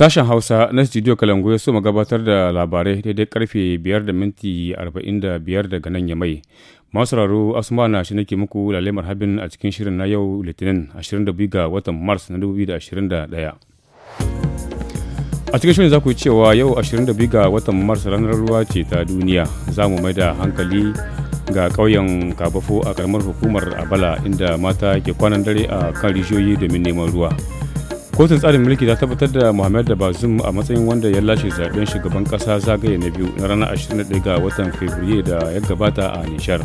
Sashen Hausa na Studio Kalango ya so gabatar da labarai daidai karfe 5 da minti 45 daga nan ya mai. Masararo Asuma na shi nake muku lalle marhabin a cikin shirin na yau Litinin 22 ga watan Mars na 2021. A cikin shirin za ku cewa yau 22 ga watan Mars ranar ruwa ce ta duniya za mu mai da hankali ga ƙauyen Kabafo a karamar hukumar Abala inda mata ke kwanan dare a kan rijiyoyi domin neman ruwa. kotun tsarin mulki ta tabbatar da muhammad da bazum a matsayin wanda ya lashe zaben shugaban kasa zagaye na biyu na ranar 21 ga watan fabrairu da ya gabata a nishar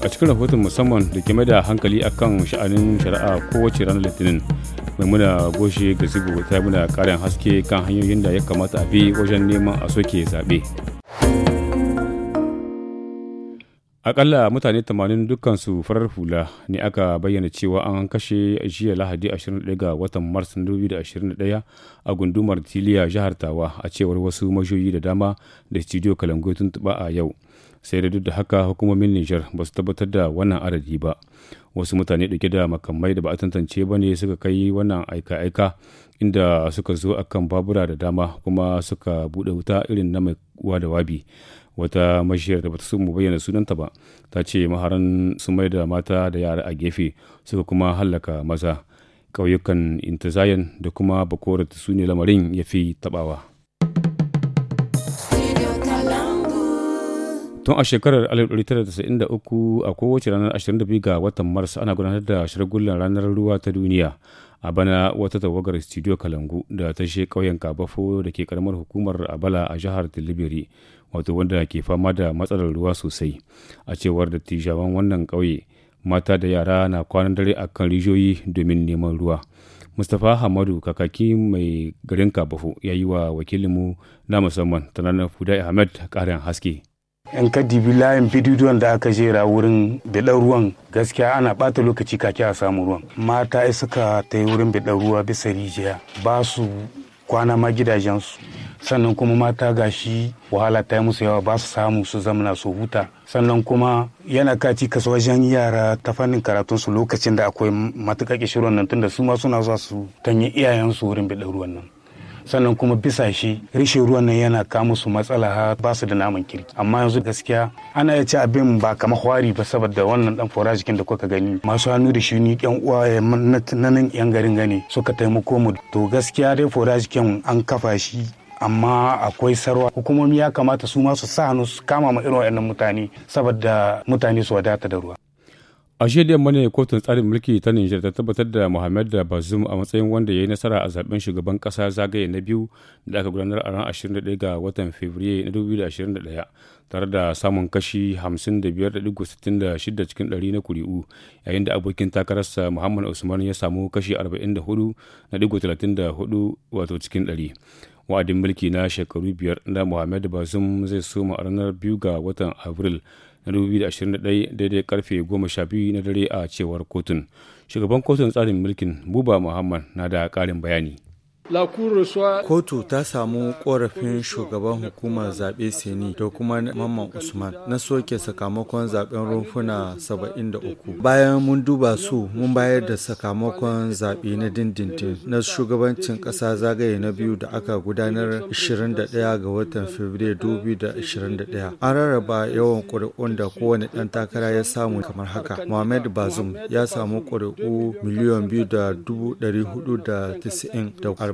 a cikin rahoton musamman da ke da hankali akan sha'anin shari'a kowace ranar litinin maimuna goshe ga ta muna karin haske kan hanyoyin da ya kamata a bi wajen neman a soke zaɓe. Akalla mutane 80 dukkansu farar hula ne aka bayyana cewa an kashe jiya Lahadi 21 ga watan Mars 2021 a gundumar Tiliya jihar Tawa a cewar wasu majoyi da dama da studio Kalango tun tuba a yau. Sai da duk da haka hukumomin Niger ba su tabbatar da wannan adadi ba. Wasu mutane dauke da makamai da ba a tantance ba ne suka kai wannan aika-aika inda suka zo a kan babura da dama kuma suka buɗe wuta irin na mai uwa da wabi wata mashiyar da bata so mu bayyana sunanta ba ta ce maharan sun mai da mata da yara a gefe suka kuma hallaka maza ƙauyukan intazayan da kuma bakorat su ne lamarin ya fi taɓawa. tun a shekarar 1993 a kowace ranar 22 ga watan mars ana gudanar da shirgullar ranar ruwa ta duniya a bana wata tawagar studio kalangu da ta she ƙauyen kabafo da ke karamar hukumar abala a jihar tilibiri wato wanda ke fama da matsalar ruwa sosai a cewar da tijawan wannan ƙauye mata da yara na kwanan dare a kan rijiyoyi domin neman ruwa mustapha hamadu kakaki mai garin kabafo ya yi wa wakilinmu na musamman tananar fuda ahmed ƙarin haske yan ka bi layin bidiyon da aka jera wurin bidan ruwan gaskiya ana bata lokaci kake a samu ruwan mata suka ta yi wurin bidan ruwa bisa rijiya ba su kwana ma gidajensu sannan kuma mata gashi wahala ta yi musu yawa ba su samu su zamana su huta sannan kuma yana kaci kasu wajen yara ta fannin karatunsu lokacin da akwai matuƙa ƙishiruwan nan tunda su ma suna zuwa su tanyi iyayensu wurin bidan ruwan nan sannan kuma bisa shi rishin ruwan nan yana kawo musu matsala ha ba su da naman kirki amma yanzu gaskiya ana iya ci abin ba kamar hwari ba saboda wannan dan fora jikin da kuka gani masu hannu da shi ni yan uwa eh, na nan yan garin gani suka taimako mu to gaskiya dai fora an kafa shi amma akwai sarwa hukumomi ya kamata su ma su sa hannu su kama ma irin waɗannan mutane saboda mutane su wadata da ruwa a jiya da yamma kotun tsarin mulki ta nijar ta tabbatar da muhammad da bazum a matsayin wanda ya yi nasara a zaben shugaban kasa zagaye na biyu da aka gudanar a ran 21 ga watan fabrairu na 2021 tare da samun kashi 55.66 cikin 100 na kuri'u yayin da abokin takararsa muhammad usman ya samu kashi 44.34 wato cikin 100 wa'adin mulki na shekaru biyar na muhammad bazum zai soma a ranar biyu ga watan abril na 2021 daidai karfe 12 na dare a cewar kotun. Shugaban kotun tsarin mulkin Buba Muhammad na da ƙarin bayani. Kotu ta samu korafin shugaban hukumar zaɓe Seni da kuma Mamman Usman na soke sakamakon zaɓen rumfuna 73. Bayan mun duba su mun bayar da sakamakon zaɓe na dindindin na shugabancin ƙasa zagaye na biyu da aka gudanar 21 ga watan Fabrairu 2021. An rarraba yawan ƙuri'un da kowane ɗan takara ya samu kamar haka. Mohamed Bazoum ya samu ƙuri'u miliyan biyu da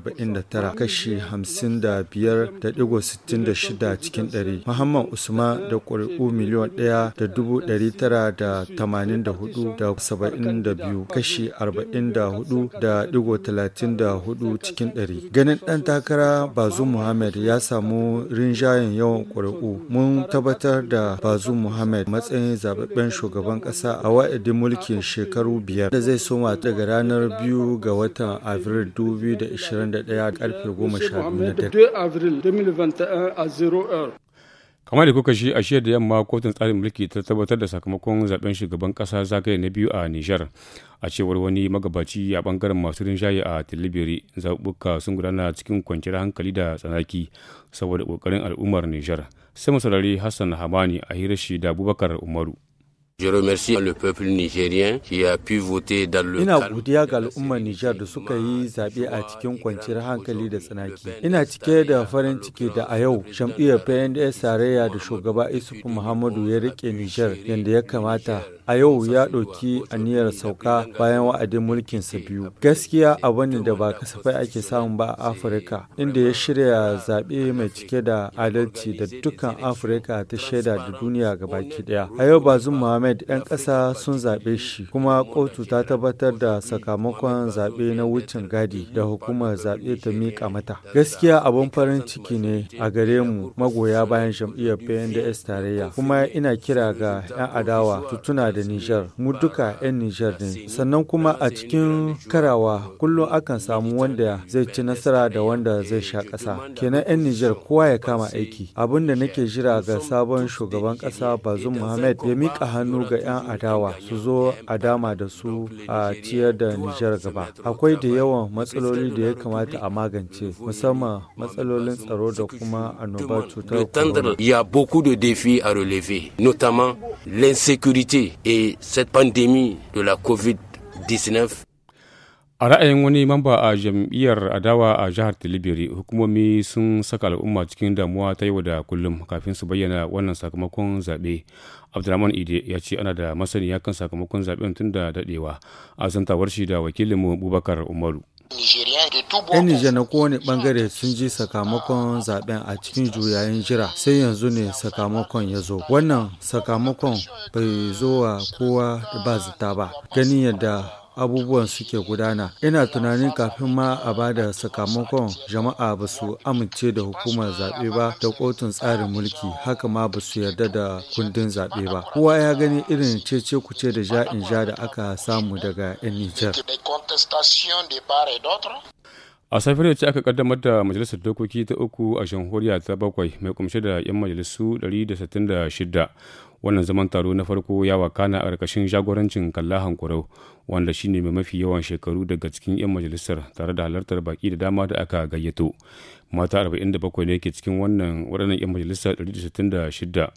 49 kashi 55.66 cikin 100 muhammad usman da ƙuri'u miliyan 72 kashi 44.34 cikin 100 ganin ɗan takara bazu muhammad ya samu rinjayen yawan ƙuri'u mun tabbatar da bazu muhammad matsayin zababben shugaban ƙasa a wa'adin mulkin shekaru biyar da zai soma daga ranar biyu ga watan afril 2020 2021 karfe kamar da kuka shi a shiyar da yamma kotun tsarin mulki ta tabbatar da sakamakon zaben shugaban kasa zagaye na biyu a niger a cewar wani magabaci a bangaren masu rinjaye a tilibiri zaɓuɓɓuka sun gudana cikin kwanciyar hankali da tsanaki saboda ƙoƙarin al'ummar niger sai masarari hassan hamani a hirashi da abubakar umaru Je remercie le peuple Ina godiya ga al'ummar Nijar da suka yi zaɓe a cikin kwanciyar hankali da tsanaki. Ina cike da farin ciki da a yau jam'iyyar PNDS tarayya da shugaba Isufu Muhammadu ya rike Nijar yadda ya kamata. A yau ya ɗauki aniyar sauka bayan wa'adin mulkin sa biyu. Gaskiya abu ne da ba kasafai ake samu ba a Afirka, inda ya shirya zaɓe mai cike da adalci da dukkan Afirka ta shaida da duniya gabaki ɗaya. A yau zun Muhammad Ahmed ɗan ƙasa sun zaɓe shi kuma kotu ta tabbatar da sakamakon zaɓe na wucin gadi da hukumar zaɓe ta miƙa mata. Gaskiya abin farin ciki ne a gare mu magoya bayan jam'iyyar PNDS tarayya kuma ina kira ga 'yan adawa su tuna da Nijar mu duka 'yan Nijar ne sannan kuma a cikin karawa kullum akan samu wanda zai ci nasara da wanda zai sha ƙasa kenan 'yan Nijar kowa ya kama aiki abin da nake jira ga sabon shugaban ƙasa Bazum Muhammad ya miƙa hannu ga 'yan adawa su zo a dama da su a tiyar da Nijar gaba. Akwai da yawan matsaloli da ya kamata a magance musamman matsalolin tsaro da kuma annobar cutar Il y a beaucoup de défis à relever, notamment l'insécurité et cette pandémie de la COVID-19. A ra'ayin wani mamba a jam'iyyar adawa a jihar Tilibiri, hukumomi sun saka al'umma cikin damuwa ta yau da kullum kafin su bayyana wannan sakamakon zaɓe. Abdulrahman Ide ya ce ana da masaniya kan sakamakon zaɓen tun da daɗewa, a zantawar shi da wakilinmu Bubakar Umaru. 'yan nijar na kowane bangare sun ji sakamakon zaben a cikin juyayen jira sai yanzu ne sakamakon ya zo wannan sakamakon bai zo wa kowa da ba zata ba ganin yadda abubuwan suke gudana ina tunanin kafin ma a ba da sakamakon jama'a ba su amince da hukumar zaɓe ba da kotun tsarin mulki haka ma ba su yarda da kundin zaɓe ba kowa ya gani irin cece kuce da ja in ja da aka samu daga 'yan nijar a safiyar ce aka kaddamar da majalisar dokoki ta uku a jamhuriya ta bakwai mai kumshe da 'yan majalisu 166 wannan zaman taro na farko ya wakana a ƙarƙashin jagorancin kalla hankurau wanda shine mai mafi yawan shekaru daga cikin 'yan majalisar tare da halartar baki da dama da aka gayyato mata 47 ne ke cikin wannan waɗannan 'yan majalisar 166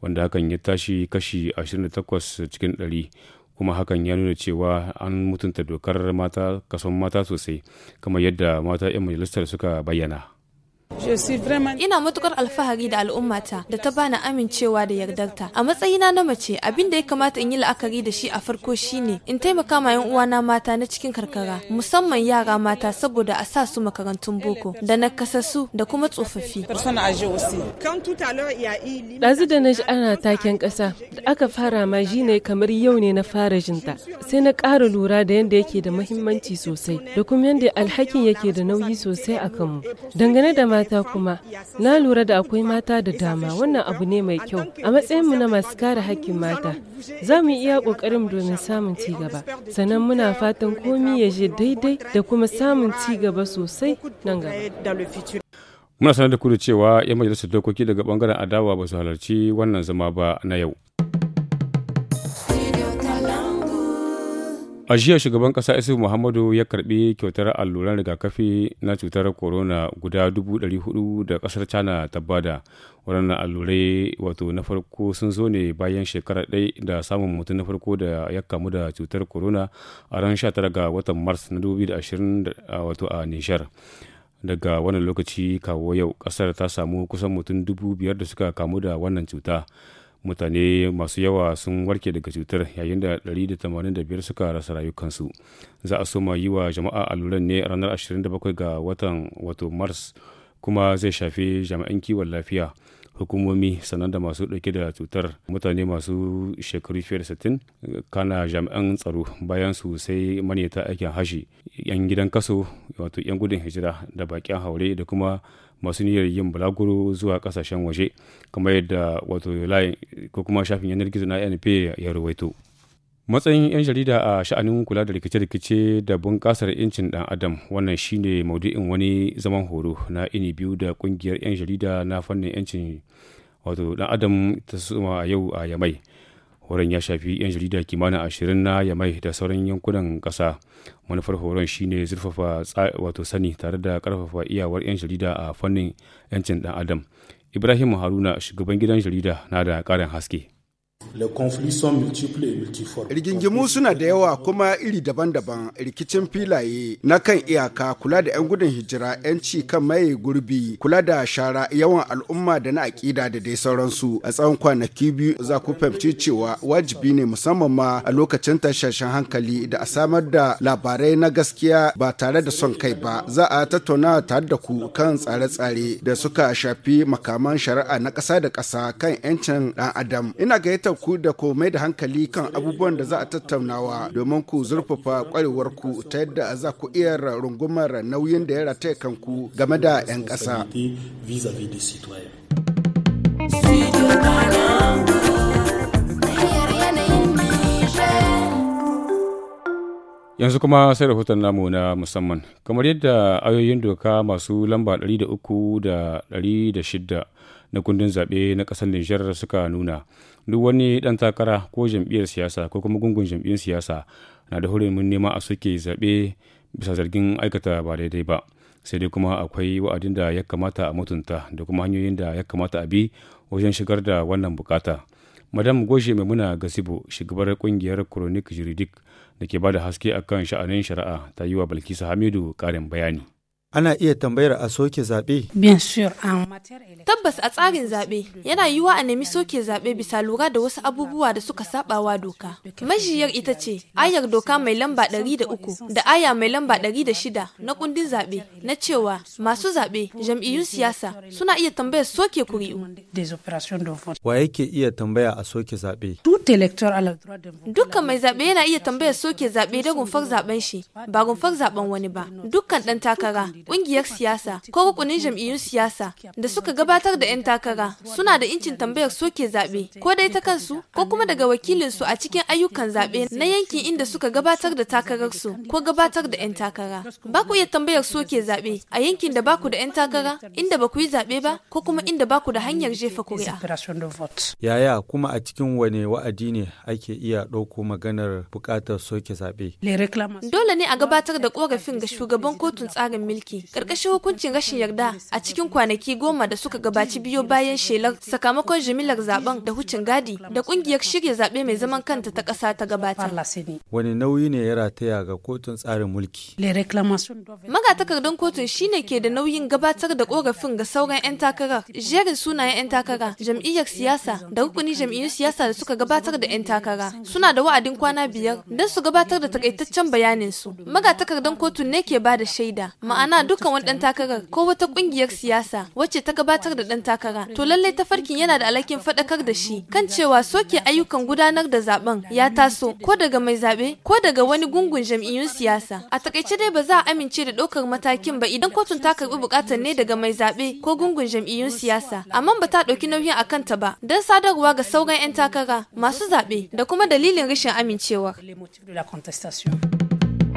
wanda hakan ya tashi kashi 28 cikin 100 kuma hakan ya nuna cewa an mutunta dokar mata kason mata sosai kamar yadda mata 'yan majalisar suka bayyana. Ina matukar alfahari da al'ummata da ta bani amincewa da yardarta. A matsayina na mace, abin da ya kamata in yi la'akari da shi a farko shine in taimaka ma yan uwana mata na cikin karkara, musamman yara mata saboda a sa su makarantun boko da kasasu da kuma tsofaffi. Ɗazu da na ji ana taken kasa da aka fara ma ji ne kamar yau ne na fara jinta. Sai na ƙara lura da yadda yake da mahimmanci sosai da kuma yadda alhakin yake da nauyi sosai a kanmu. Dangane da mata kuma na lura da akwai mata da dama wannan abu ne mai kyau a matsayin mu na masu kare hakkin mata za mu iya kokarin domin samun ci gaba sannan muna fatan komi ya je daidai da kuma samun ci gaba sosai nan gaba muna sanar da ku da cewa 'yan majalisar dokoki daga bangaren adawa ba su halarci wannan zama ba na yau A jiya shugaban kasa Isu Muhammadu ya karbi kyautar alluran rigakafi na cutar corona guda 400 da kasar China ta bada. Waɗannan allurai wato na farko sun zo ne bayan shekara ɗaya da samun mutum na farko da ya kamu da cutar corona a ran 19 ga watan Mars na 2020 wato a Nijar. Daga wannan lokaci kawo yau kasar ta samu kusan mutum dubu biyar da suka kamu da wannan cuta. mutane masu yawa sun warke daga cutar yayin da 185 suka rasa rayukansu za a soma yi wa jama'a alluran ne ranar 27 ga watan wato mars kuma zai shafi jami'an kiwon lafiya hukumomi sannan da masu ɗauke da cutar mutane masu shekaru fiye da sittin kana jami'an tsaro bayan su sai manyata aikin hashi yan gidan kaso wato yan gudun hijira da bakin haure da kuma masu niyyar yin bulaguro zuwa kasashen waje kamar yadda wato layin ko kuma shafin yanar gizo na npa ya rawaito. matsayin 'yan jarida a sha'anin kula da rikice-rikice da bunƙasar 'yancin ɗan adam wannan shine maudu'in wani zaman horo na ini biyu da ƙungiyar 'yan jarida na fannin 'yancin wato ɗan adam ta suma a yau a yamai horon ya shafi 'yan jarida kimanin ashirin na yamai da sauran yankunan ƙasa manufar horon shine zurfafa wato sani tare da ƙarfafa iyawar 'yan jarida a fannin 'yancin ɗan adam ibrahim haruna shugaban gidan jarida na da ƙarin haske Rigingimu suna da yawa kuma iri daban-daban rikicin filaye na kan iyaka kula da 'yan gudun hijira 'yanci kan maye gurbi kula da shara yawan al'umma da na aƙida da dai sauransu a tsawon kwanaki biyu za ku fahimci cewa wajibi ne musamman ma a lokacin tashashen hankali da a samar da labarai na gaskiya ba tare da son kai ba za a tattauna tare da ku kan tsare-tsare da suka shafi makaman shari'a na ƙasa da ƙasa kan 'yancin ɗan adam ina gayyata ku da ku mai da hankali kan abubuwan da za a tattaunawa domin ku zurfafa kwarewar ku ta yadda za ku iya rungumar nauyin da ya rataya kanku game da 'yan ƙasa. yanzu kuma sai rahoton namu na musamman kamar yadda ayoyin doka masu lamba 300 da 600 na kundin zaɓe na ƙasar nijar suka nuna duk wani ɗan takara ko jam'iyyar siyasa ko kuma gungun jam'iyyar siyasa na da mun nema a suke zaɓe bisa zargin aikata ba daidai ba sai dai kuma akwai wa'adin da ya kamata a mutunta da kuma hanyoyin da ya kamata a bi wajen shigar da wannan bukata madam goshe maimuna gasibo shugabar kungiyar chronic juridic da ke ba da haske akan sha'anin shari'a ta yi wa balkisa hamidu karin bayani ana iya tambayar a soke zaɓe? Tabbas a tsarin zaɓe yana yiwuwa a nemi soke zaɓe bisa lura da wasu abubuwa da suka saɓawa doka. Majiyar ita ce ayar doka mai lamba ɗari da uku da aya mai lamba ɗari da shida na kundin zaɓe na cewa masu zaɓe jam'iyyun siyasa suna iya tambayar soke kuri'u. Wa yake iya tambaya a soke zaɓe? Dukkan mai zaɓe yana iya tambayar soke zaɓe da rumfar zaɓen shi ba rumfar zaɓen wani ba. Dukkan ɗan takara Ƙungiyar siyasa ko rukunin jam'iyyun siyasa da suka gabatar da 'yan takara suna da incin tambayar soke zaɓe ko dai ta kansu ko kuma daga wakilinsu a cikin ayyukan zaɓe na yankin inda suka gabatar da takararsu ko gabatar da 'yan takara. Ba ku iya tambayar soke zaɓe a yankin da ba ku da 'yan takara inda ba ku yi zaɓe ba ko kuma inda ba ku da hanyar jefa kuri'a. Yaya kuma a cikin wane wa'adi ne ake iya ɗauko maganar buƙatar soke zaɓe? Dole ne a gabatar da ƙorafin ga shugaban kotun tsarin mulki aiki ƙarƙashin hukuncin rashin yarda a cikin kwanaki goma da suka gabaci biyo bayan shelar sakamakon jimilar zaben da hucin gadi da ƙungiyar shirya zaɓe mai zaman kanta ta ƙasa ta gabata. Wani nauyi ne ya rataya ga kotun tsarin mulki? Magatakardar kotun shine ke da nauyin gabatar da ƙorafin ga sauran 'yan takarar, jerin sunayen 'yan takara, jam'iyyar siyasa da rukunin jam'iyyun siyasa da suka gabatar da 'yan takara. Suna da wa'adin kwana biyar don su gabatar da takaitaccen bayaninsu. Magatakardar kotun ne ke ba da shaida, ma'ana dukkan wani dan takarar ko wata kungiyar siyasa wacce ta gabatar da dan takara to lallai tafarkin yana da alhakin faɗakar da shi kan cewa soke ayyukan gudanar da zaben ya taso ko daga mai zabe ko daga wani gungun jam'iyyun siyasa a takaice dai ba za a amince da ɗaukar matakin ba idan kotun ta karbi bukatar ne daga mai zabe ko gungun jam'iyyun siyasa amma ba ta ɗauki nauyin akan ta ba don sadarwa ga sauran 'yan takara masu zabe da kuma dalilin rashin amincewa.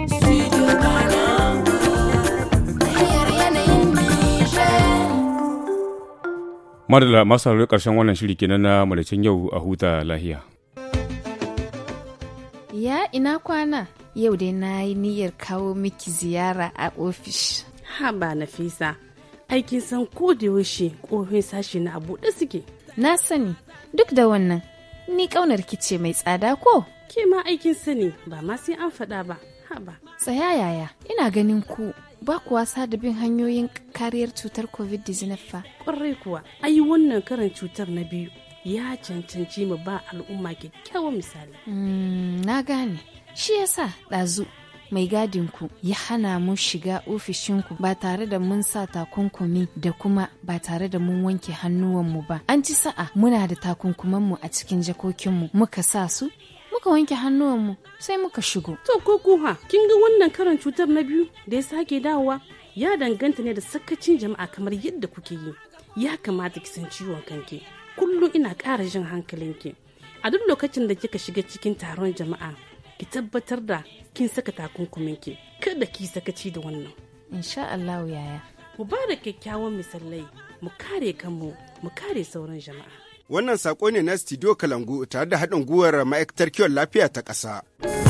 Studio Ghana. madala masu haruri karshen wannan shiri kenan na malicin yau a huta lahiya ya ina kwana yau dai na yi niyyar kawo miki ziyara a ofish ha ba nafisa aikin san ko da yaushe ƙofin sashi na abu da suke na sani duk da wannan ni ƙaunar kice mai tsada ko ke ma aikin sani ba ma sai an faɗa ba ha ba tsaya yaya ina ganin ku ba kuwa wasa da bin hanyoyin kariyar cutar covid-19 fa. Ƙwarai kuwa, ayi wannan karin cutar na biyu ya cancanci mu ba al'umma kyakkyawan misali. Hmm, na gane, shi yasa ɗazu mai gadinku ya hana mu shiga ofishinku ba tare da mun sa takunkumi da kuma ba tare da mun wanke hannuwanmu ba. An ci sa'a muna da takunkumanmu a cikin jakokinmu muka sa su ka wanke mu sai muka shigo. To ko kuwa kin ga wannan karan cutar na biyu da ya sake dawowa ya danganta ne da sakacin jama'a kamar yadda kuke yi. Ya kamata ki san ciwon kanki. Kullum ina ƙara jin hankalinki. A duk lokacin da kika shiga cikin taron jama'a ki tabbatar da kin saka takunkuminki. Kada ki sakaci da wannan. Insha Allah yaya. Mu ba da kyakkyawan misalai mu kare kanmu mu kare sauran jama'a. Wannan saƙo ne na Studio Kalangu tare da haɗin gwiwar ma'aikatar kiwon lafiya ta ƙasa.